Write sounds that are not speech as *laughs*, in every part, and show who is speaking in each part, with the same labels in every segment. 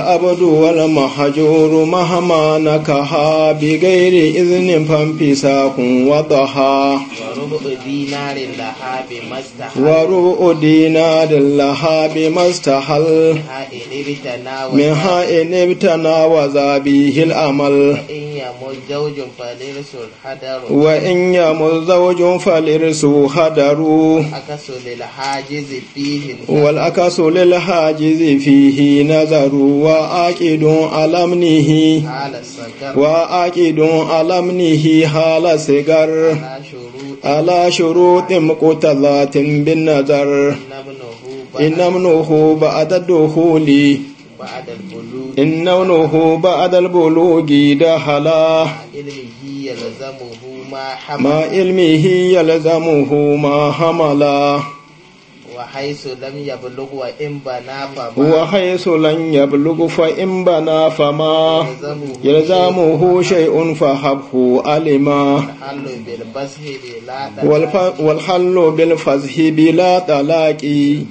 Speaker 1: abudu wala mahajuru mahama nakaha bi ghairi iznin famfisa kun wadaha wa ru'u dinarin mastahal min ha'i nabtana wa zabihil amal wa in yamu zawajin falir su hadaru wal akaso lil haji fihi nazaru wa a alamnihi wa aqidun alamnihi hala sigar ala shurutin qutalatin bin nazar innam nuhu ba'ada dukhuli in naunuhu ba'adal bulugi da hala ma ilmihi yalzamuhu ma hamala wa haisu lam yablughu wa in bana fama fa in bana fama yalzamuhu shay'un fa habhu alima wal hallu bil fazhi bila talaqi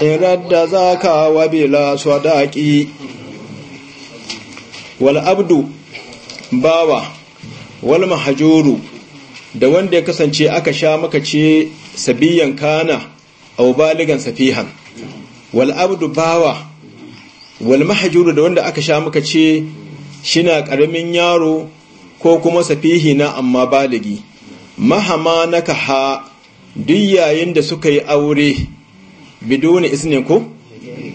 Speaker 1: in radda zaka wa bila sadaqi wal abdu bawa wal mahjuru da wanda ya kasance aka sha maka ce sabiyan kana au baligan safihan wal abdu bawa wal mahjuru da wanda aka sha muka ce shina karamin yaro ko kuma safihi na amma baligi mahama naka ha duk yayin da suka yi aure bidoni isnin ko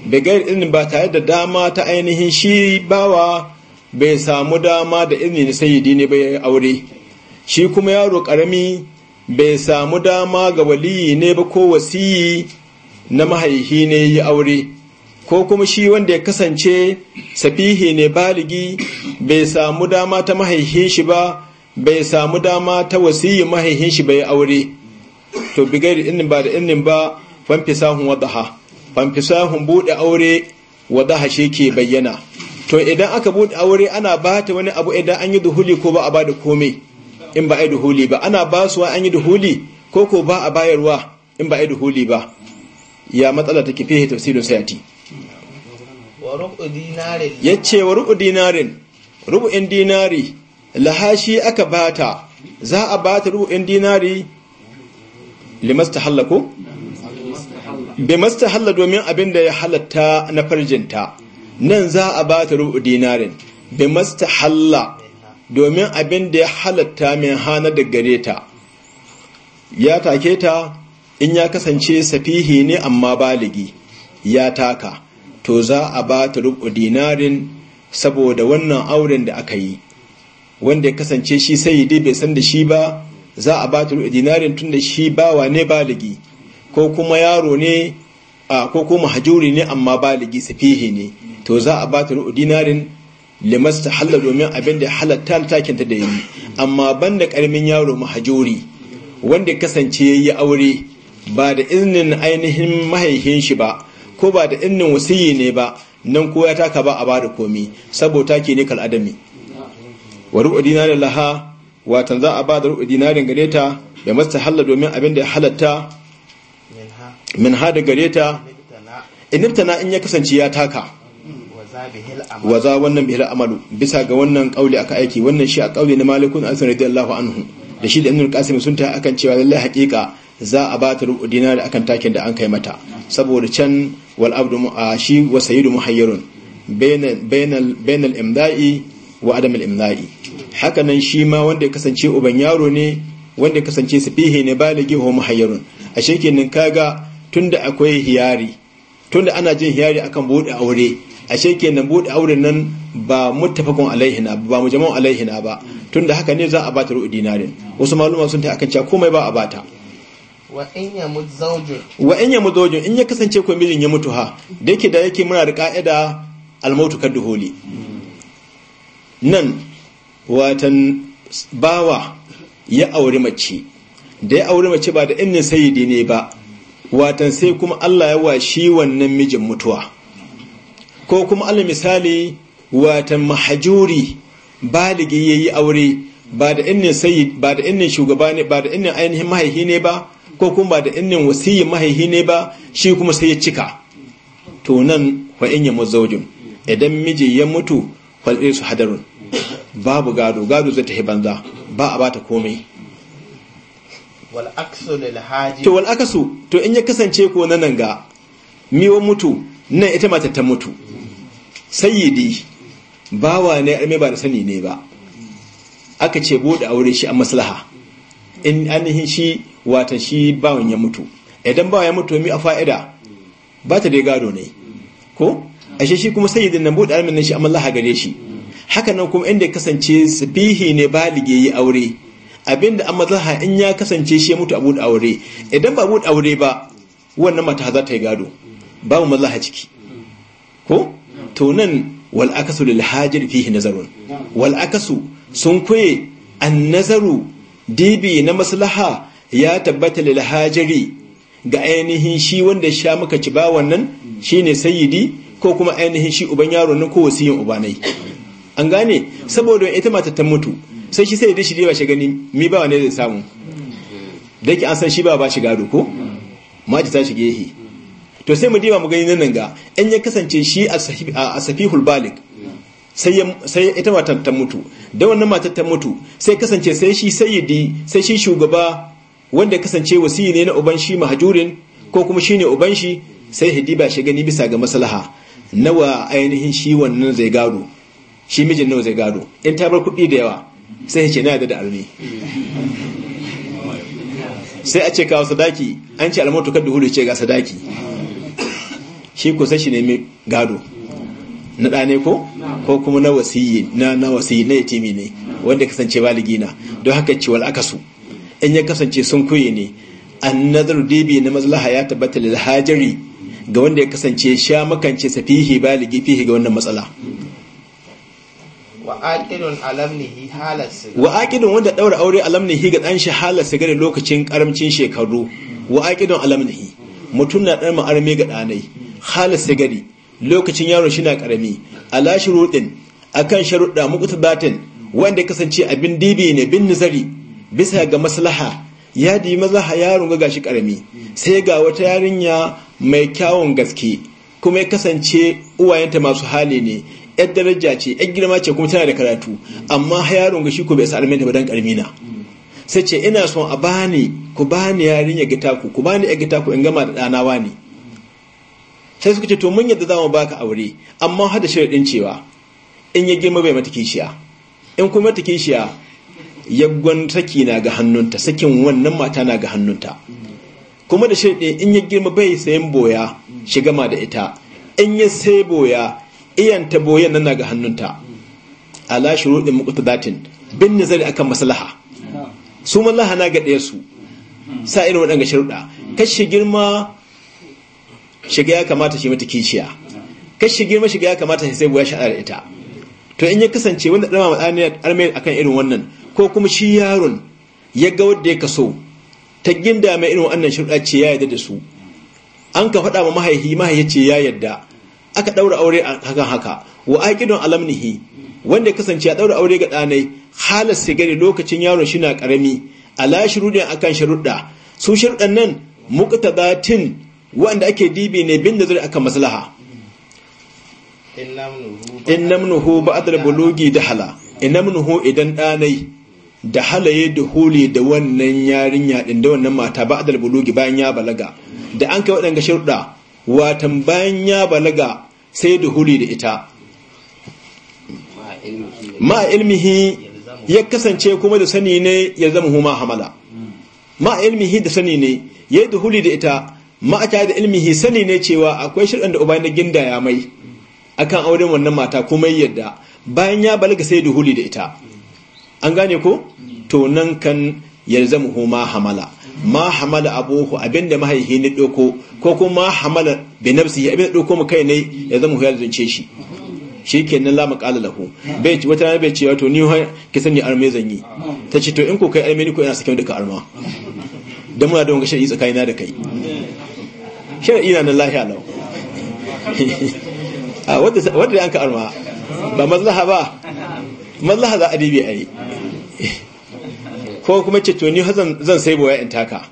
Speaker 1: bigar izinin ba tare da dama ta ainihin shi bawa bai samu dama da izinin sayyidi ne bai aure shi kuma yaro karami bai samu dama ga waliyi ne ba ko wasiyi na mahaihi ne ya aure ko kuma shi wanda ya kasance safihi ne baligi bai samu dama ta mahaihin shi ba bai samu dama ta wasiyi mahaihin shi bai aure to gairi innin ba da innin ba fi Ban wadaha sahun bude aure wadaha shi ke bayyana to idan aka buɗe aure ana ba ta wani abu idan an yi duhuli ko ba a ba da komai in ba a yi duhuli ba ana basuwa an yi duhuli ko ko ba a bayarwa in ba a yi duhuli ba ya matsala take fiye tafsirin sayati ya ce wa rubu dinarin in dinari lahashi aka bata za a bata in dinari limasta hallako? bai masta halla domin abin da ya halatta na farjinta nan za a bata rubu dinarin bai masta halla domin abin da ya halatta min hana da gare ta ya take ta in ya kasance safihi ne amma baligi ya taka to za a ba ta rubu dinarin saboda wannan auren da aka yi wanda ya kasance shi sai dai bai san da shi ba za a ba ta rubu dinarin tun da shi bawa ne baligi ko kuma yaro ne a ko kuma hajuri ne amma baligi safihi ne to za a ba ta rubu dinarin limas ta halar domin abin da halatta takinta da yi amma banda karamin yaro mahajori wanda kasance ya yi aure ba da izinin ainihin mahaihin shi ba ko ba da izinin wasiyi ne ba nan ko ya taka ba a ba da komi saboda ke ne kal'adami wa rubu dinarin laha watan za a ba da rubu dinarin gare ta ya masta halla domin abin da ya halatta min ha da gare ta na in ya kasance ya taka wa za wannan bihil amalu bisa ga wannan kauli aka aiki wannan shi a kauli na malikun asan radiyallahu anhu da shi da ibn qasim sun ta akan cewa lallai haƙiƙa za a ba ta rubu dinar akan takin da an kai mata saboda can wal abdu shi wa sayyidu muhayyirun bainal bainal imda'i wa adam al imda'i shi ma wanda ya kasance uban yaro ne wanda ya kasance sifihi ne baligi ho muhayyirun ashe kenan kaga tunda akwai hiyari tunda ana jin hiyari akan bude aure ashe kenan bude auren nan ba muttafaqun alaihi na ba mu jama'un alaihi na ba tunda haka ne za a bata ru'u dinarin wasu maluma sun ta akan cewa komai ba a bata wa in ya mutu wa in ya kasance ko mijin ya mutu ha da yake da yake muna da ka'ida almautu kadduholi nan watan bawa ya auri mace da ya auri mace ba da innin sayyidi ne ba watan sai kuma Allah ya washi wannan mijin mutuwa ko kuma alal misali watan mahajuri baligi yi aure ba da innin sayi, ba da innin shugaba ne ba da innin ainihin mahaihi ne ba ko kuma ba da innin wasiyyin mahaihi ne ba shi kuma sai ya cika to nan wa in yamu zaujin idan miji ya mutu falɗe su hadarun babu gado gado zai tafi banza ba a bata komai to wal aksu to in ya kasance ko nan ga miwa mutu nan ita matar ta mutu sayyidi bawa ne alme ba da sani ne ba aka ce bude aure shi an maslaha in ainihin shi wata shi bawan ya mutu idan bawan ya mutu mi a fa'ida ba ta dai gado ne ko ashe shi kuma sayyidin nan bude almin nan shi a maslaha gare shi haka nan kuma inda ya kasance sabihi ne balige yi aure abinda an maslaha in ya kasance shi ya mutu a bude aure idan ba bude aure ba wannan mata za ta yi gado babu mallaha ciki ko to nan wal akasu lil hajir fihi nazarun wal sun koye an nazaru dibi na maslaha ya tabbata lil hajiri ga ainihin shi wanda sha muka ci ba wannan shine sayyidi ko kuma ainihin shi uban yaro na ko wasiyin ubanai an gane saboda ita mata ta mutu sai shi sai shi ba shi gani mi ba wane zai samu dake an san shi ba ba shi gado ko maji ta gehe to sai mu diba mu gani nan ga in ya kasance shi a safihul balik sai ita matar ta mutu da wannan matar ta mutu sai kasance sai shi sayyidi sai shi shugaba wanda kasance wasiyi ne na uban shi mahajurin ko kuma shine uban shi sai hidiba shi gani bisa ga maslaha nawa ainihin shi wannan zai gado shi mijin nawa zai gado in ta bar kuɗi da yawa sai ya ce na yadda da almi sai a ce kawo sadaki an ce almatu da hudu ce ga sadaki shi ku sai shi nemi gado na ɗane ko ko kuma na wasiyi na na wasiyi na yatimi ne wanda kasance baligi na don haka ciwal akasu in ya kasance sun kuye ne nazar dibi na maslaha ya tabbata lil hajari ga wanda ya kasance sha makance safihi baligi fihi ga wannan matsala aqidun wanda ɗaura aure alamnihi ga ɗan shi halar sigari lokacin karamcin shekaru aqidun alamnihi mutum na ɗan ma'armi ga ɗanai halis sigari lokacin yaro shi na karami ala a akan sharuɗa muqtadatin wanda ya kasance abin dibi ne bin nazari bisa ga maslaha ya maza mazaha yaron ga gashi karami sai ga wata yarinya mai kyawun gaske kuma ya kasance uwayenta masu hali ne yar daraja ce yar girma ce kuma tana da karatu amma yaron ga shi ko bai sa almenta ba dan karami na sai ce ina son a bani ku bani yarinya gita ku ku bani yar gita ku in gama da ɗana wani sai suka ce to mun yadda za mu baka aure amma har da sharaɗin cewa in ya girma bai mata kishiya in kuma mata kishiya ya saki na ga hannunta sakin wannan mata na ga hannunta kuma da sharaɗin in ya girma bai sayan boya shi gama da ita in ya sai boya iyanta boyan nan na ga hannunta ala shuruɗin tadatin bin nazari akan maslaha su mallaha na ga ɗaya su sa irin waɗanga sharuɗa kashi girma shiga ya kamata shi mata kishiya kai shige ma shiga ya kamata sai buya da ita to in ya kasance wanda dama madaniyar armai akan irin wannan ko kuma shi yaron ya ga wanda ya kaso ta ginda mai irin wannan shirɗa ce ya yarda da su an ka faɗa ma mahaihi mahaihi ce ya yarda aka ɗaura aure a hakan haka wa aƙidon alamnihi wanda ya kasance ya ɗaura aure ga ɗanai halar sigari lokacin yaron shi na ƙarami ala shirudin akan sharuɗa su sharuɗan nan muƙtadatin wanda ake dibi ne bin nazari akan maslaha in namnuhu ba'dal bulugi hala in namnuhu idan danai da halaye da hole da wannan yarinya din da wannan mata ba a bulugi bayan ya balaga da an kai waɗanga sharuɗa watan bayan ya balaga sai da hole da ita ma ilmihi ya kasance kuma da sani ne ya zama huma hamala ma ilmihi da sani ne ya yi da huli da ita ma'ata da ilmihi sani ne cewa akwai shirin da uba na ginda ya mai akan auren wannan mata kuma yadda bayan ya balaga sai duhuli da ita an gane ko to nan kan yalzamu ma hamala ma hamala abuhu abinda mahaihi ne doko ko kuma hamala bi nafsihi abinda doko mu kai ne yalzamuhu ya zance shi shikenan la maqala lahu bai wata bai ce to ni ki sani arme zanyi tace ta ce to in ko kai arme ni ko ina sakin duka arma dan muna da wanga shari'i tsakanina da kai shan ina nan lahiya lau *laughs* ah, wadda an ka arma ba mazlaha ba mazlaha za a dibe a yi ko kuma ce to ni zan sai boya in taka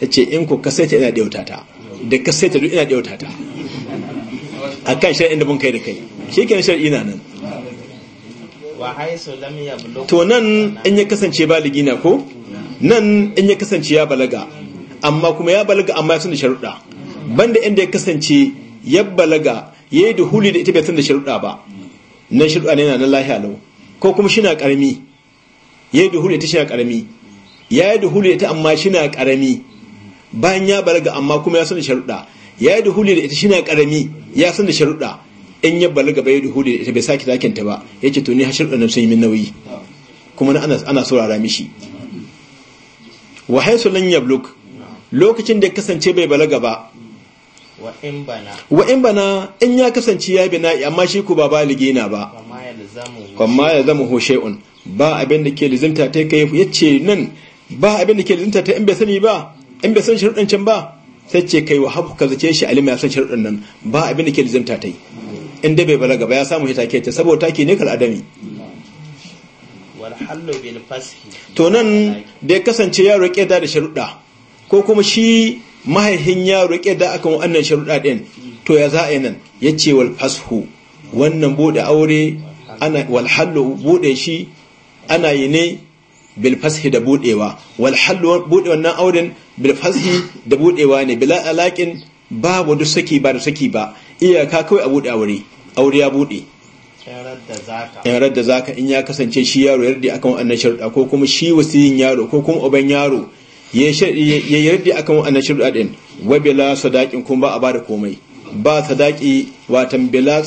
Speaker 1: ta ce in ku kasaita ina ɗauta ta da kasaita duk ina ɗauta ta a kan shari'in da mun kai da kai shi ke shari'i na nan to nan in ya kasance baligi na ko nan in ya kasance ya balaga amma kuma ya balaga amma ya sun da sharuɗa banda inda ya kasance ya balaga ya yi duhuli da ita bai san da sharuɗa ba nan sharuɗa ne na nan lahiya lau ko kuma shi na ƙarami ya yi duhuli ita shi na ƙarami ya yi duhuli ita amma shi na ƙarami bayan ya balaga amma kuma ya san da sharuɗa ya yi duhuli da ita shi na ƙarami ya san da sharuɗa in ya balaga bai yi duhuli da ita bai sake zakinta ba ya ce to ni har sharuɗa nan sun yi min nauyi kuma ana saurara mishi wa haisu lan yabluk lokacin da ya kasance bai balaga ba wa in bana in ya kasance ya bina amma shi ku ba baligi na ba kwamma ya zama hoshe'un ba abin da ke lizimta ta kai ya ce nan ba abin da ke lizimta ta in bai sani ba in bai san sharuɗin can ba sai ce kai wa haku ka zace shi alima ya san sharuɗin nan ba abin da ke lizimta ta yi in dai bai balaga ba ya samu shi take ta saboda take ne adami to nan da ya kasance ya roƙe da sharuɗa ko kuma shi Mahaifin yaro roƙe da akan wannan sharuɗa ɗin to ya za a yi nan ya ce wal fasho. wannan bude aure ana wal hallu bude shi ana yi ne bil fashi da budewa wal hallu bude wannan auren bil fashi da budewa ne bila alaƙin babu duk saki ba da saki ba iyaka kawai a bude aure aure ya bude in da zaka in ya kasance shi yaro yarda akan wannan sharuɗa ko kuma shi wasiyin yaro ko kuma uban yaro ya yi raddi akan wannan shirɗa ɗin wa bila sadakin kuma ba a bada komai ba sadaki watan bila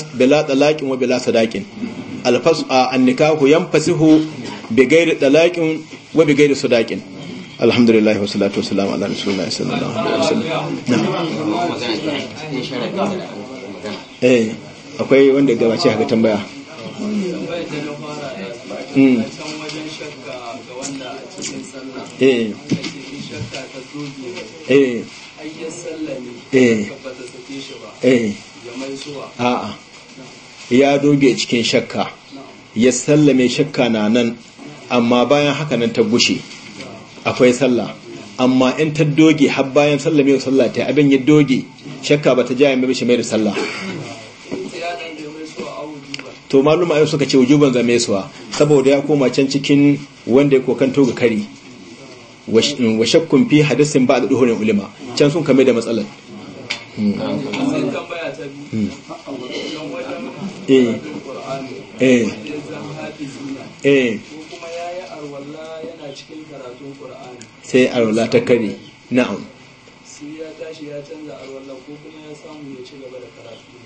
Speaker 1: talaƙin wa bila sadakin alfas a annikahu yanfasihu bi gairi talaƙin wa bi gairi alhamdulillah wa salatu wa salam ala rasulillah sallallahu alaihi wasallam eh akwai wanda gabace haka tambaya hmm. eh ya doge cikin shakka ya sallame shakka na nan amma bayan haka nan ta gushe akwai sallah amma in ta doge har bayan sallame ya sallah ta abin ya doge shakka ba ta jaye mai shi mai da sallah to maluma yau suka ce wujuban zame suwa saboda ya koma can cikin wanda ya kokanto ga kari wa mm, shakkun fi hadisin ba da duhurin ulama can sun kame da matsalar hmm. Hmm. Eh. Eh. Eh. sai arwala ta kare na'am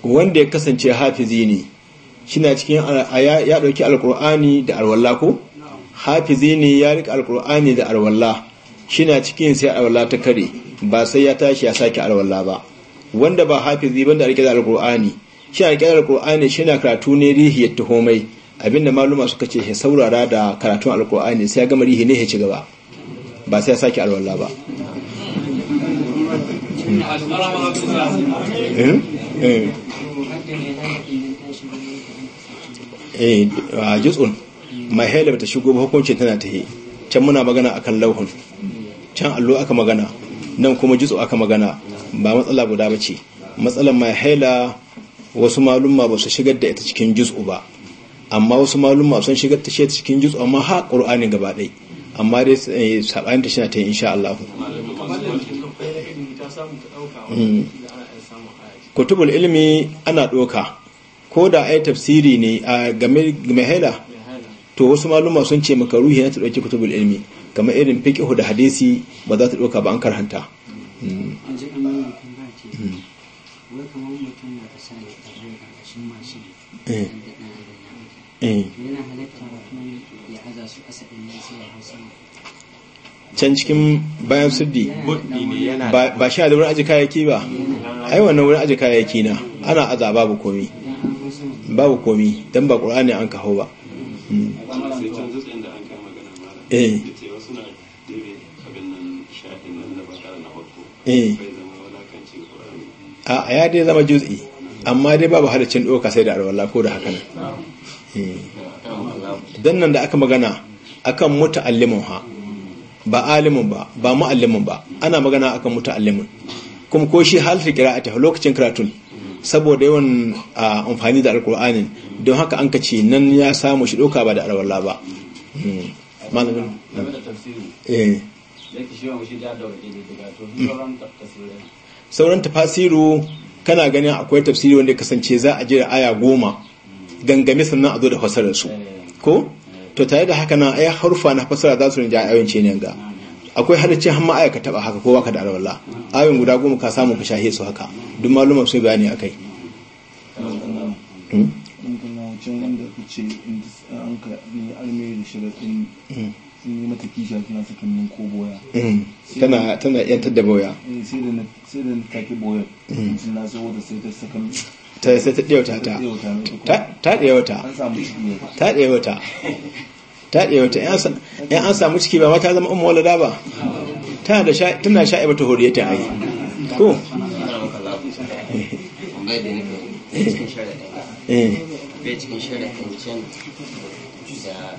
Speaker 1: wanda ya kasance hafizi ne shi na cikin ya ɗauki alkur'ani da arwala ko hafizi ne ya rika alkur'ani da arwala shi na cikin sai alwala ta kare ba sai ya tashi ya sake alwala ba wanda ba hafizi banda rike da alqur'ani shi rike da alqur'ani shi na karatu ne rihi ya homai abinda maluma suka ce ya saurara da karatun alqur'ani sai ya gama rihi ne ya ci gaba ba sai ya sake alwala ba hmm. eh? Eh. Eh, a jutsun mai haila ta shigo ba hukuncin tana ta yi can muna magana akan lauhun can allo aka magana nan kuma jitso aka magana ba matsala guda ba ce matsalan mai haila wasu malumma ba su shigar da ita cikin jitso ba amma wasu malumma sun shigar ta cikin jitso amma ha ƙur'ani gaba ɗai amma dai eh, saɓanin ta shi na ta yi insha Allah hmm. kutubul ilimi ana ɗoka ko da ai tafsiri ne a game mai haila to wasu malumma sun ce makaruhi na ta ɗauki kutubul ilimi kamar irin fiƙi da hadisi ba za ta ɗauka ba an karhanta mm. eh. eh. can cikin bayan sirdi ba shi da wurin aji kayayyaki ba ai wannan wurin aji kayayyaki na ana aza babu komi babu komi don ba ne an kaho ba mm. Mm. Eh. a ya dai zama juz'i amma dai babu halicin doka sai da alwala ko da haka nan eh. dan nan da aka magana akan muta'allimun ha ba alimun ba ba mu'allimun ba ana magana akan muta'allimun kuma ko shi halfi qira'ati lokacin karatun saboda yawan amfani da alkur'anin don haka an kace nan ya samu shi doka ba da alwala ba hmm. malamin eh sauran tafasiru kana ganin akwai tafsiri wanda kasance za a jira aya goma gangame sannan a zo da fasarar su ko to tare da haka na aya harufa na fasara za su rinja ayoyin ce ne ga akwai hadacin hamma aya ka taba haka ko baka da alwala ayoyin guda goma ka samu ka shahe su haka duk malumar su bayani akai kai. Hmm? sun yi mata kisha kina eh, tana tana yantar da boya eh, sai da ta ta ta ta ta an samu ciki ta ta ba ma ta zama ummu walada ba tana da tana sha'iba ta ai ko eh, eh.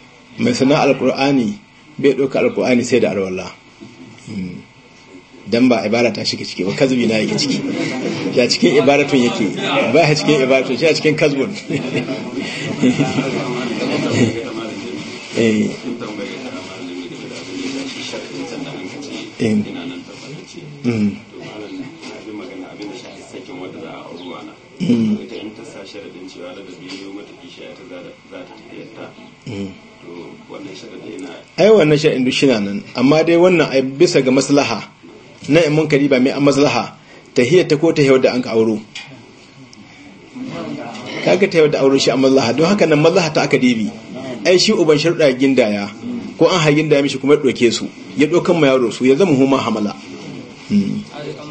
Speaker 1: mai sana alkur'ani bai ɗauka alkur'ani sai da alwala hmm. don ba ibara ta shiga ciki ba kazubi na yake ciki ya cikin ibaratun yake ba ya cikin ibaratun shi a cikin kazubun *laughs* eh, eh. Hmm. ita eh. in ta sa sharadin cewa biyu mata ta za ta tafiyarta eh. to wannan sharadin yana ai wannan sharadin duk shina nan amma dai wannan ai bisa ga maslaha na in kari ba mai an maslaha tahiyar ta ko ta yau da an ka auro kaga yau da auro shi a maslaha don haka nan maslaha ta aka dibi ai shi uban sharuɗa gindaya ko an hagin da ya mishi kuma ya ɗauke su ya ɗaukan ma yaro su ya zama huma hamala hmm.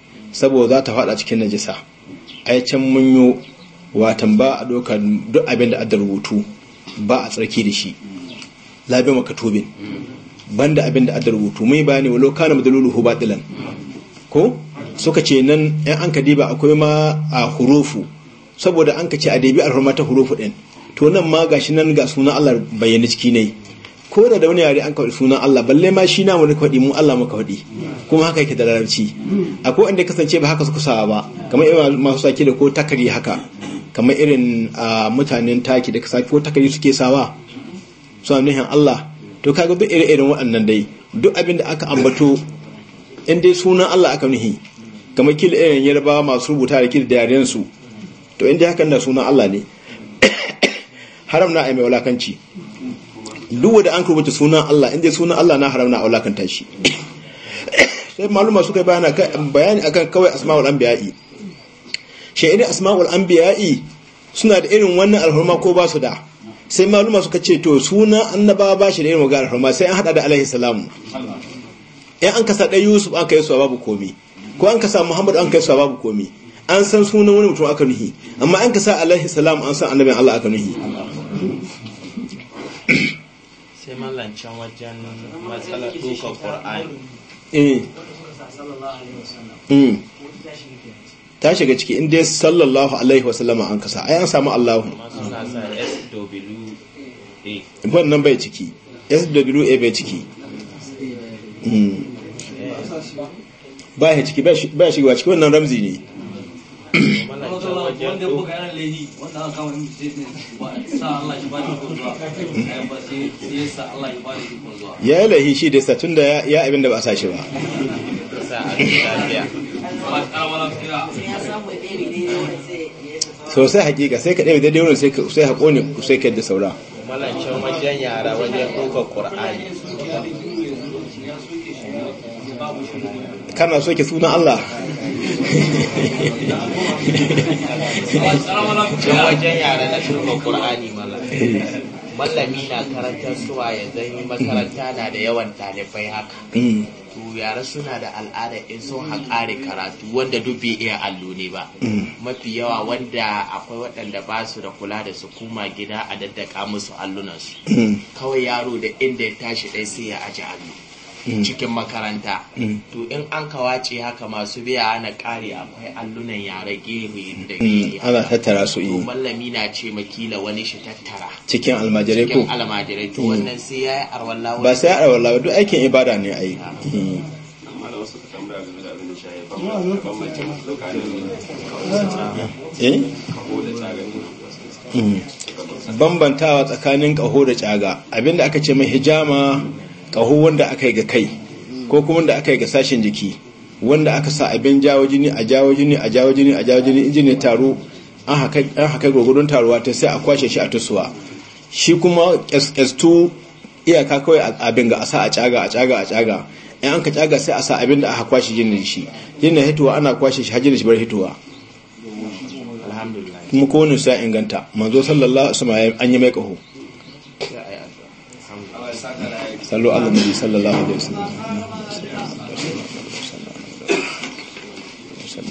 Speaker 1: saboda za ta faɗa cikin najisa ai can mun watan ba a ɗaukar duk abin da adda rubutu ba a tsarki da shi labin wa ban banda abin da adda rubutu mai bayani wa lokana hu batilan ko suka ce nan yan an ka diba akwai ma a hurufu saboda an ka ce a a alhurma ta hurufu ɗin to nan ma gashi nan ga sunan Allah bayyana ciki ne ko da da wani yare an kawai sunan Allah balle ma shi na wani kwaɗi mu Allah muka kwaɗi kuma haka yake da larabci akwai inda kasance ba haka suka sawa ba kamar irin masu sake da ko takari haka kamar irin mutanen taki da kasa ko takari suke sawa suna nuhin Allah to kaga duk irin irin waɗannan dai duk abin da aka ambato in dai sunan Allah aka nuhi kamar kila irin yarbawa masu rubuta da kila da yaren su to in dai hakan da sunan Allah ne *coughs* haram na ai mai wulakanci duk wanda an kurbata sunan Allah inda sunan Allah na haram na kan tashi sai maluma suka bayana bayani akan kawai asma'ul anbiya'i shi irin asma'ul anbiya'i suna da irin wannan alhurma ko ba su da sai maluma suka ce to suna annaba ba shi da irin wannan alhurma sai an hada da alaihi salamu in an kasa dai yusuf an kai su babu komi ko an kasa muhammadu an kai su babu komi an san sunan wani mutum aka nuhi amma an kasa alaihi salam an san annabin allah aka nuhi sai mallancin wajen matsalar duka ƙwar'ani eh. hmm. ta shiga ciki inda ya sallallahu alaihi wasallama an kasa ai an samu allahu wannan bai ciki swa bai ciki hmm. ba ya ciki ba ya shiga ciki wannan ramzi ne wanda ya buga lehi shi ba da ya yi lehi shi da sa da ya abin ba a sa shi ba sosai hakika sai ka ɗaya daidai wurin sai haƙo ne sai ka yadda saura malancin wajen yara wajen kana so ke sunan Allah wajen yara na turba ƙur'ani mallami na karantar suwa ya zanyi makaranta na da yawan talibai haka mm. to yara suna da al'ada in sun haƙari karatu wanda duk bai iya allo ne ba mafi yawa wanda akwai waɗanda ba su da kula da su kuma gida a daddaka musu allunansu kawai yaro da inda ya tashi ɗai sai ya aji allo Mm. cikin makaranta mm. to in an kawace haka masu biya ana kare akwai allunan yare gehu da mm. gehe ana tattara su yi eh. mallami na ce makila wani shi tattara cikin almajirai ko cikin almajirai to wannan sai ya yi arwalla ba sai ya arwallawa duk aikin ibada ne a yi eh? bambantawa tsakanin kaho da caga abinda aka ce mai hijama kaho wanda aka yi ga kai ko kuma wanda aka yi ga sashen jiki wanda aka sa abin jawo jini a jawo jini a jawo jini a jawo jini injini taro an haka gwagwadon taruwa ta sai a kwashe shi a tusuwa shi kuma s2 iyaka kawai abin ga a sa a caga a caga a caga in an ka caga sai a sa abin da aka kwashe jini shi na hituwa ana kwashe shi hajjini shi bar hituwa kuma kowane sa inganta manzo sallallahu alaihi wasallam an yi mai kaho صلوا على النبي صلى الله عليه وسلم